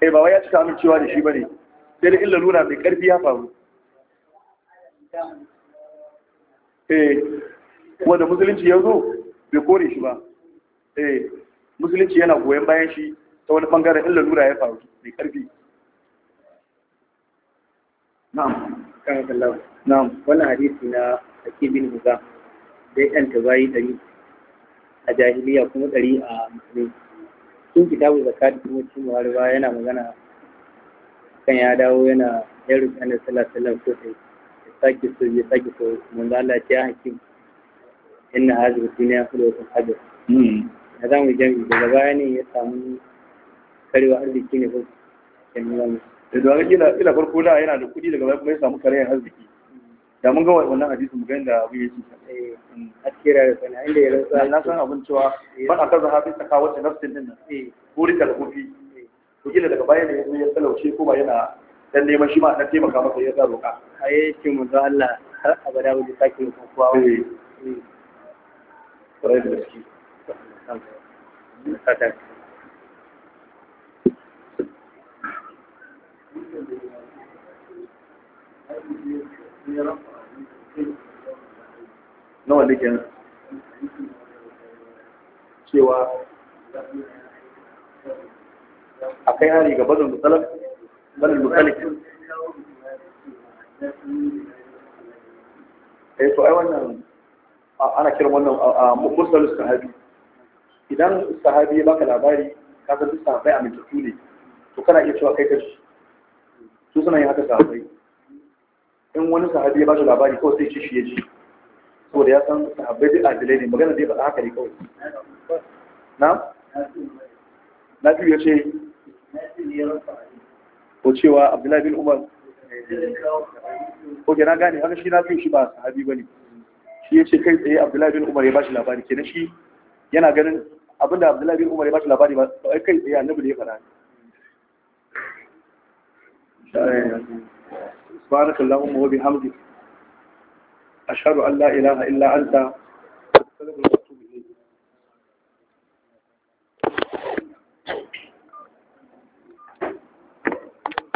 Speaker 1: eh ba ya cika amincewa da shi bane sai da illa nuna mai karfi ya faru Eh, wanda musulunci ya zo bai kore shi ba eh musulunci yana goyon bayan shi ta wani bangaren illa lura ya faru mai karfi na'am kan kallon na'am wannan hadisi na ake bin huza
Speaker 2: da ya ɗanta bayi ɗari a jahiliya kuma ɗari a musulmi sun kitabu zakati kuma cin buhari ba yana magana kan ya dawo yana ya rufe annabi sallallahu alaihi wasallam ko sai sake so ya sake so manzo Allah ya hakim inna hadhihi dunya khulwatun hajar da hmm. za mu jami daga baya ne
Speaker 1: ya samu karewa arziki ne ko nan da da eh, ila ila farko da yana da kuɗi daga baya kuma ya samu karewa arziki da mun ga wannan hadisi mun ga inda abu yake eh askira da sana inda ya rasa Allah san abun cewa ban eh. aka zahabi ta kawo ta nafsin din nan eh burika da kufi eh. to kila daga baya ne ya zo ya talauce ko ba yana dan neman shi ba dan taimaka maka ya tsaro ka ai ce mu da Allah har abada mu take ku kuwa eh
Speaker 2: ƙwarai eh. da gaske
Speaker 1: nawa ne kenan cewa a kai hari ga bazan da musalar bal mukallaf eh to ai wannan ana kiran wannan mursalus sahabi idan sahabi ya baka labari ka san duk sahabai amintattu ne to kana iya cewa kai kashi su suna yin haka sahabai in wani sahabi ya ba labari kawai sai shi ya ji saboda ya san sahabai duk adilai ne magana zai a haka ne kawai na? na biyu ya ce ko cewa abdullahi bin umar ko gina gane haka shi na fi shi ba sahabi ba ne shi ya ce kai tsaye abdullahi bin umar ya ba shi labari kenan shi yana ganin abinda abdullahi bin umar ya ba shi labari ba kai tsaye annabi da ya faɗa سبحانك اللهم وبحمدك أشهد أن لا إله إلا
Speaker 2: أنت